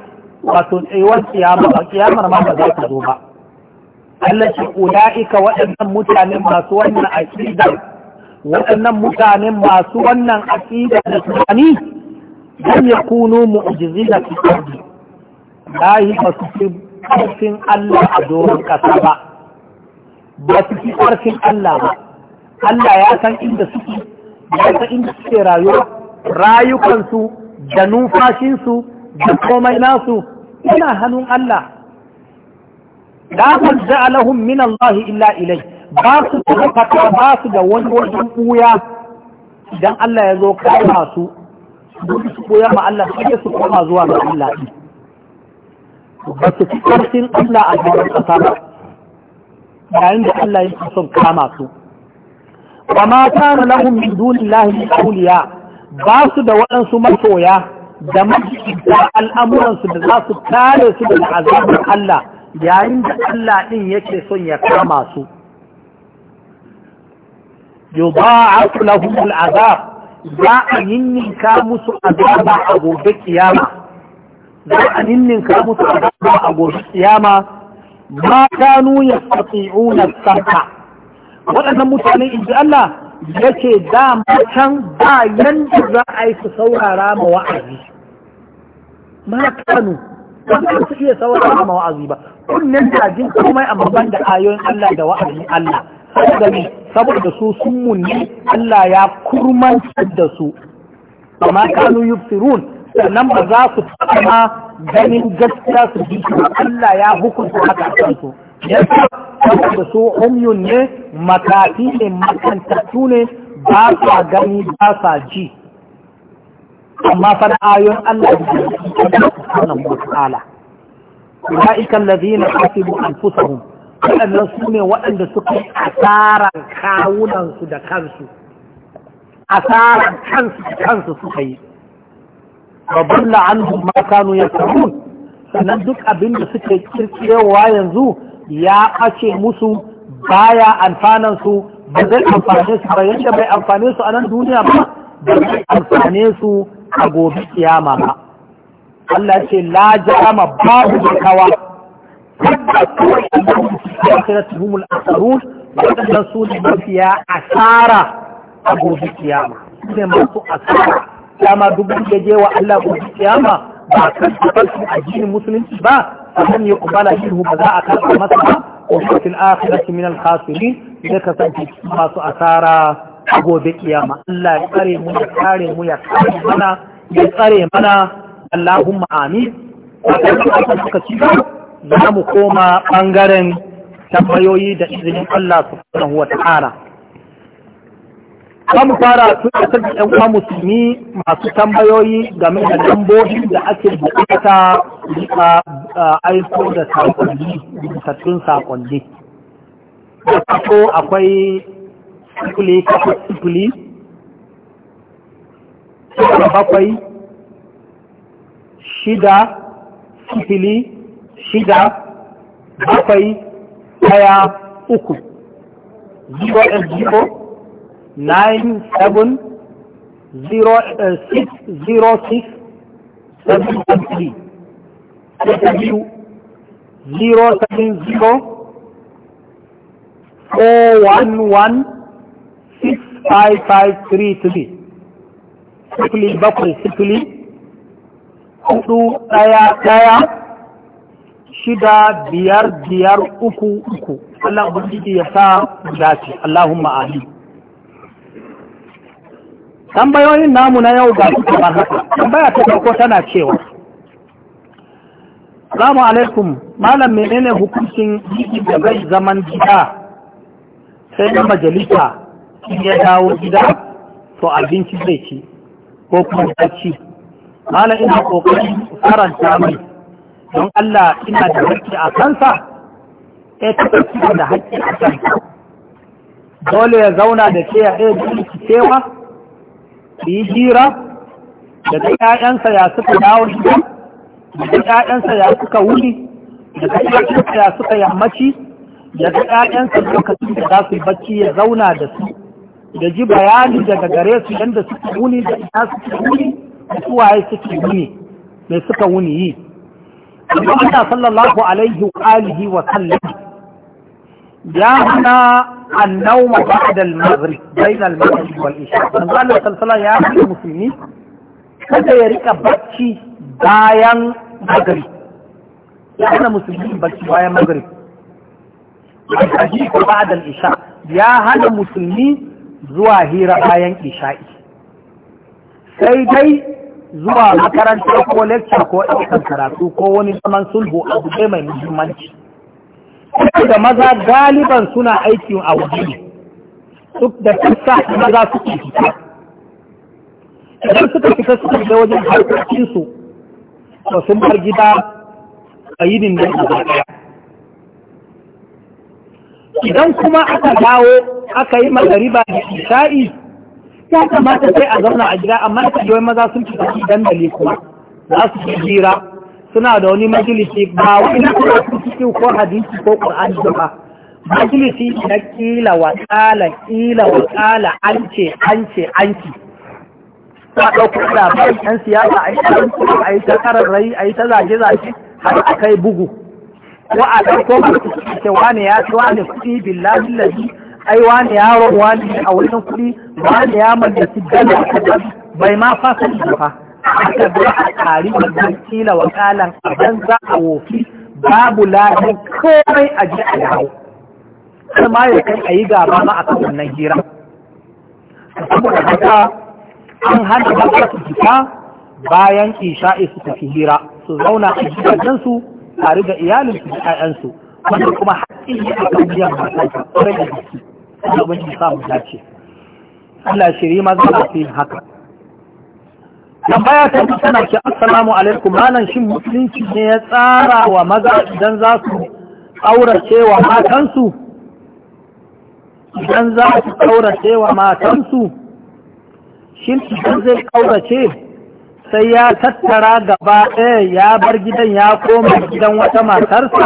wato tsayuwar kiyama ba kiyamar ma ba za ta zo ba Allah shi ulaika waɗannan mutanen masu wannan aqida waɗannan mutanen masu wannan aqida da tunani dan yakunu mu'jizina fi ardi lahi ba su fi ƙarfin Allah a doron ƙasa ba ba su fi ƙarfin Allah ba Allah ya san inda suke da inda suke rayuwa rayukansu da numfashinsu da komai nasu ina hannun Allah la marja lahum min Allah illa ilai ba su da fata ba su da wani wajen ɓuya, idan Allah ya zo kama su su buya ma Allah suke su koma zuwa ga Allah ba su fi ƙarfin Allah a ƙasa ba yayin da Allah ya son kama su wa ma kana lahum min dunillahi ba su da waɗansu masoya da majibta al'amuransu da za su kare su daga azabar Allah yayin da Allah ɗin yake son ya kama su yudha'afu lahum al'azab za a ninninka musu azaba a gobe kiyama za a ninninka musu azaba a gobe kiyama ma kanu waɗannan mutane in ji Allah yake dama matan ba yanda za a yi su saurara ma wa'azi ma kanu ba su iya saurara ma wa'azi ba kunnen da jin komai amma ban da ayoyin Allah da wa'azin Allah saboda ne su sun munni Allah ya kurmantar da su amma kanu firun sannan ba za su taɓa ganin gaskiya su ji Allah ya hukunta haka a kansu yasa saboda su umyun ne makafi ne makantattu ne ba sa gani ba sa ji amma fa ayon Allah da subhanahu wa ta'ala ulaika alladhina khasibu anfusahum waɗannan su ne waɗanda suka yi asarar kawunansu da kansu asarar kansu da kansu suka yi babban la'anhum ma kanu yakrun sannan duk abin da suke kirkirewa yanzu ya ɓace musu baya amfanan su ba zai amfane su ba yadda bai amfane su a nan duniya ba ba zai amfane su a gobe kiyama ba Allah ce la jarama babu da kawa humul asarun waɗannan su ne mafiya asara a gobe kiyama su ne masu asara dama dubu da je wa Allah gobe kiyama ba kan su addinin musulunci ba فمن يقبل منه بذاء كرب مصر وفي الآخرة من الخاسرين لك سنتي ما سأثار أبو ما الله يقري من يقري من يقري منا يقري منا اللهم آمين za mu koma ɓangaren tambayoyi da izinin Allah subhanahu wa ta'ala. Za mu fara tunatar da ‘yan musulmi masu tambayoyi game da lambobin da ake bukata rika aiko da sakonni rubutattun sakonni da akwai sifili kafa sifili shida bakwai shida sifili shida bakwai daya uku 0 nine seven zero eh, six zero six seven and three sai 070 shida biyar biyar uku uku Allah ubangiji ya sa dace Allahumma amin tambayoyin namu na yau ga su kamar haka tambaya ta farko tana cewa Salamu alaikum, malam menene hukuncin yi da bai zaman gida sai na majalisa in ya dawo gida to abinci zai ci ko kuma ci. Malam ina kokarin faranta mai don Allah ina da haƙƙi a kansa, eh, taɓa ta da haƙƙi a kansa. Dole ya zauna da ke a ɗaya ki cewa, ki yi jira, Da daga ‘ya'yansa ya suka dawo gida, daga ƴaƴansa ya suka wuni daga ƴaƴansa ya suka yammaci daga ƴaƴansa lokacin da za su yi bacci ya zauna da su da ji bayani daga gare su yadda suka wuni da ina suka wuni da suwaye suke wuni mai suka wuni yi amma Allah sallallahu alaihi wa alihi wa sallam ya hana annawma ba'da al-maghrib bayna al-maghrib wal isha manzo Allah sallallahu ya hana musulmi kada ya rika bacci bayan magari ya hana musulmi bacci bayan magari al-hajji da isha ya hana musulmi zuwa hira bayan isha'i sai dai zuwa makaranta ko lecture ko ɗaukar karatu ko wani zaman sulhu a guje mai muhimmanci da maza galiban suna aiki a waje ne duk da sassa maza suke fita idan suka fita suka je wajen harkokinsu to sun bar gida a yinin nan gaba ɗaya idan kuma aka dawo aka yi magariba da isha'i ya kamata sai a zauna a gida amma da yi maza sun fi shi dandali kuma za su fi jira suna da wani majalisi ba wani kuma su cikin ko hadisi ko ƙur'ani ba majalisi na ƙila wa kala kila wa kala an ce an ce an ce ta ɗauko labari ɗan siyasa a yi ta a yi ta rai a yi ta zage-zage har a kai bugu ko a ɗauko mutu ce wane ya ci wane kuɗi billahi lazi ai wane ro wane a wajen kuɗi wane ya mallaki dala bai ma fasa ba fa aka bi a tari da kila wakalan a banza a wofi babu lahin komai a ji a yawo kar ma ya kai a yi gaba ma a kan wannan hira saboda haka an hana mata su fita bayan isha'i su tafi hira su zauna a gidajen su tare da iyalin su da ƴaƴan wanda kuma haƙƙin ne a kan biyan matansa ƙwarai da gaske Allah ubangiji sa mu dace Allah shiri ma za a fi haka tambaya ta tana ki assalamu alaikum malam shin musulunci ne ya tsara wa maza idan za su aurace wa matansu idan za su aurace wa matansu shi idan zai kaurace sai ya tattara gaba ɗaya ya bar gidan ya koma gidan wata matarsa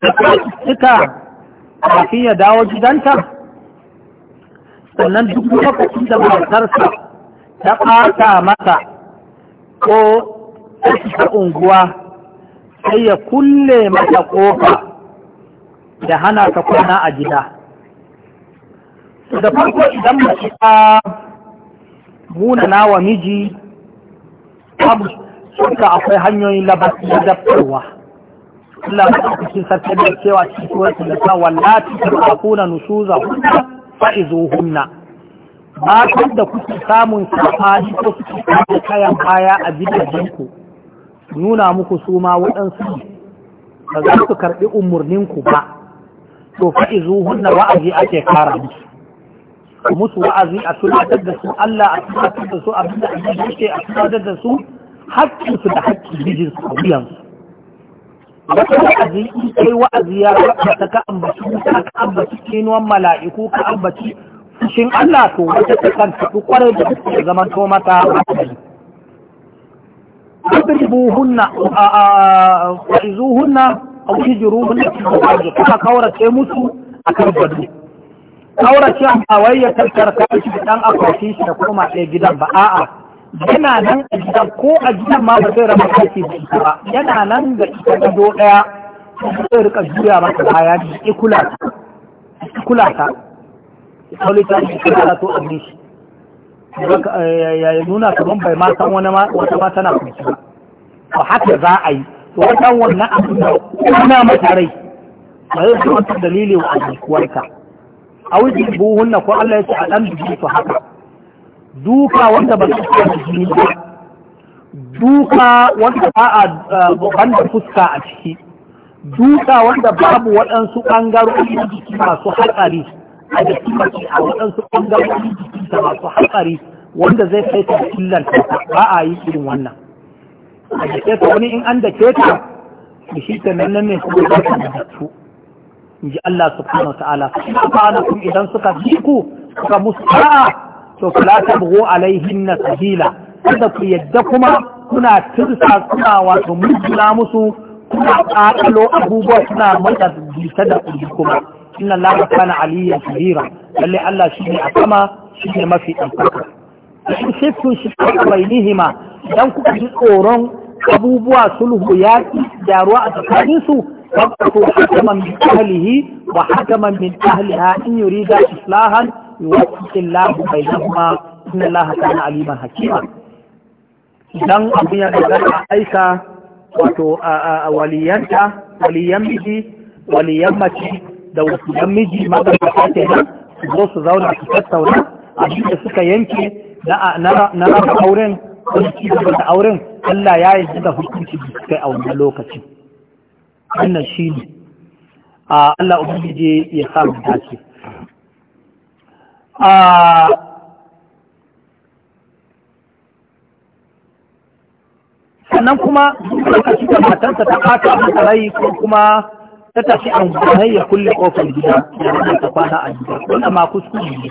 da suka kafin ya dawo gidanta sannan duk lokacin da matarsa ta ɓata mata ko ta unguwa sai ya kulle mata ƙofa da hana ta kwana a gida da farko idan mace ta munana wa miji abu suka akwai hanyoyin labarci da daftarwa Allah ba ku cikin sarki da cewa cikin wasu da sa wallati turquna nusuza ba matan da kuke samun safari ko kuke samun kayan kaya a ku nuna muku su ma waɗansu ba za su karɓi umarninku ba to fa'izuhunna wa'azi ake kara musu Ku musu wa'azi a tunatar da su Allah a tunatar da su abin da Allah yake a tunatar da su haƙƙin su da haƙƙin bijin su a wuyan su wata wa'azi in kai wa'azi ya rabata ka ambaci wuta ka ambaci kenuwan mala'iku ka ambaci fushin Allah to wata ta kan tafi kwarai da ta zaman to mata hankali Wadribuhunna wa'izuhunna a wuce jiruhunna cikin da kuma kaurace musu a kan gado. Aura shi ba wai ya shi ɗan akwati shi da koma ɗaya gidan ba a'a yana nan a gidan ko a gidan ma ba zai raba aiki da ita ba yana nan ga ita gado ɗaya zai rika juya maka baya da ikula ikula ta ikula ta ikula ta to abin shi eh, ya nuna kaman bai ma san wani wata ma tana kwanci ba to haka za a yi to wata wannan abin da kuna mata rai ba zai zama dalilin wa abin kuwarka a wuce buhunna ko Allah ya ce a ɗan biki su haka duka wanda ba su iya jini ba duka wanda ba a ban da fuska a ciki duka wanda babu waɗansu ɓangarori jiki masu hatsari a jiki mace a waɗansu ɓangarori jiki masu hatsari wanda zai kai ta illanta ba a yi irin wannan a jike ta wani in an da ke ta da shi ta nan ne su ba ta da su in ji Allah subhanahu wa ta'ala subhanakum idan suka ji ku suka musa'a to fala tabghu alaihinna sabila kada ku yadda kuma kuna tirsa kuna wato mujula musu kuna kakalo abubuwa suna mata bisa da kuji kuma inna Allah kana aliyyan kabira lalle Allah ne a sama ne mafi ɗaukaka in shiftu shi bainihima dan kuka ji tsoron abubuwa sulhu ya gyaruwa a tsakaninsu فابقوا حكما من أهله وحكما من أهلها إن يريد إصلاحا يوفق الله بينهما إن الله كان عليما حكيما idan abin ya dogara aika wato waliyanta waliyan miji waliyan mace da wasiyan miji magabata ke nan su zo su zauna su tattauna abin da suka yanke na raba auren ko ci gaba da auren Allah ya yi da hukunci da suka yi a wannan lokacin wannan shi ne a Allah ubangiji ya samu dace a sannan kuma lokaci da matarsa ta aka masa rai ko kuma ta tafi an gudanai ya kulle kofar gida ya rana ta kwana a gida wanda ma kuskure ne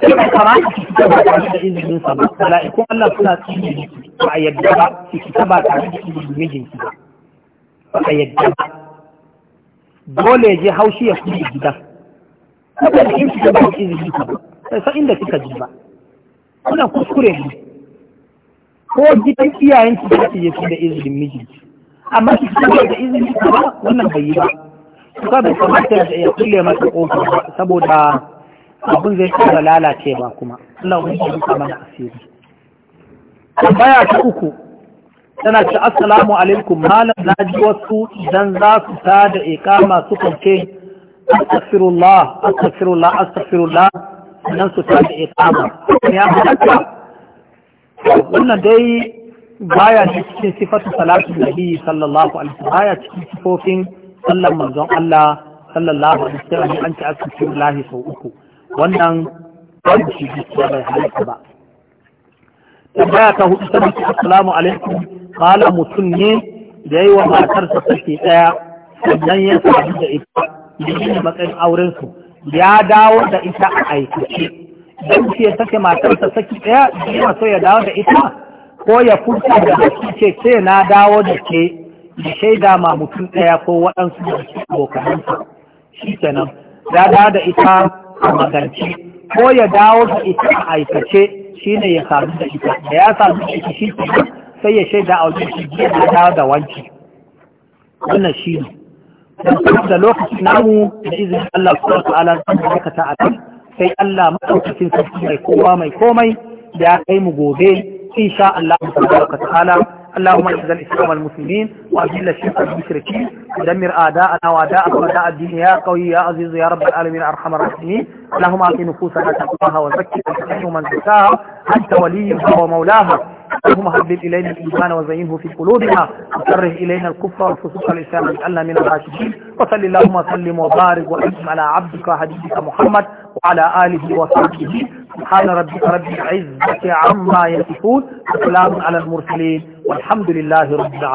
sai ka kamata ki fita ba tare da izinin sa ba mala'ikun Allah suna tsini ba a yadda ba ki ba tare da izinin mijinki ba ba yadda ba dole ya je haushi ya kuma gida kuma da in shiga ba izini ka ba sai san inda kika ji ba kuna kuskure ne ko gidan iyayen ki da ya fi da izinin miji amma ki kuma da izini ka ba wannan bai yi ba kuka bai kamata ya kulle masa kofa saboda abin zai fara lalacewa kuma Allah wani ya duka mana asiri baya ta uku tana ce assalamu alaikum malam na ji wasu idan za su ta da ikama su kwanke astaghfirullah astaghfirullah astaghfirullah nan su ta da ikama ya halatta wannan dai baya ne cikin sifatu Salatu nabi sallallahu alaihi wasallam baya cikin sifofin sallan manzon Allah sallallahu alaihi wasallam an ci astaghfirullah sau uku wannan ba shi bai halatta ba tambaya ta hudu ta assalamu alaikum kala mutum ne da yi wa matarsa sake ɗaya sannan ya sami da ita da yi matsayin aurensu ya dawo da ita a aikace don shi ya sake matarsa sake ɗaya yana so ya dawo da ita ko ya furta da baki ce ce na dawo da ke da shaida ma mutum ɗaya ko waɗansu da su abokanansa shi kenan ya dawo da ita a magance ko ya dawo da ita a aikace shine ya sami da ita da ya sami da ita shi kenan sai ya shaida a wajen shi ya dawo da wanki. wannan shi ne da lokacin namu da izinin Allah su wasu ala zan dakata a kai sai Allah maɗaukacin sarki mai kowa mai komai da ya kai mu gobe sha Allah tabaraka wa ta'ala اللهم اعز الاسلام والمسلمين واذل الشرك والمشركين ودمر اعداءنا واعداءك واعداء الدين يا قوي يا عزيز يا رب العالمين ارحم الراحمين اللهم اعط نفوسنا تقواها وزكها وانت من زكاها انت وليها ومولاها اللهم حبب إلينا الإيمان وزينه في قلوبنا وكره إلينا الكفر والفسوق الإسلام واجعلنا من الراشدين وصل اللهم وسلم وبارك وأنعم على عبدك وحبيبك محمد وعلى آله وصحبه سبحان ربك رب العزة عما يصفون وسلام على المرسلين والحمد لله رب العالمين